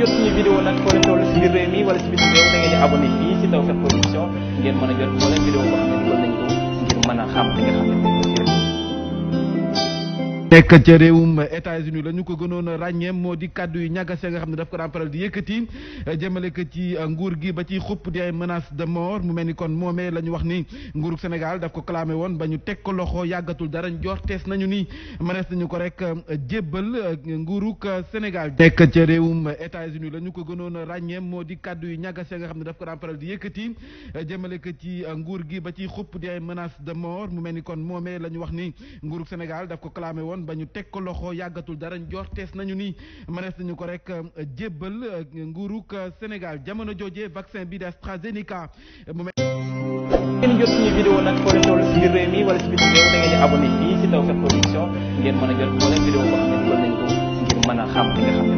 jot suñu vidéo nag foo leen toll si biir réew mi wala si biir réew da ngeen di abonné fii si Tawfekh Production ngeen mën a jot moo leen vidéo boo nekk ca réewum États-Unis la ñu ko gënoon a ràññee moo di kàddu yu ñàggas ya nga xam ne daf ko daan faral di yëkkati jëmale ko ci nguur gi ba ci xupp di ay menace de mort mu mel ni kon moomee la ñu wax ni nguurug Sénégal daf ko clamé woon ba ñu teg ko loxo yàggatul dara njortees nañu ni mënees nañu ko rek euh, jébbal euh, nguurug euh, Sénégal nekk ca réewum États-Unis la ñu ko gënoon a ràññee moo di kàddu yu ñàggas ya nga xam ne daf ko daan di yëkkati jëmale ko ci nguur gi ba ci xupp di ay de mort mu mel ni kon moomee la ñu wax ni nguurug Sénégal daf ko clamé woon ba ñu teg ko loxo yàggatul dara tees nañu ni mënees nañu ko rek euh, jébbal euh, nguurug euh, Sénégal jamono jooje vaccin bi di AstraZeneca ngeen jot suñu vidéo nag foo leen toll si biir réew wala si biir réew da ngeen a xam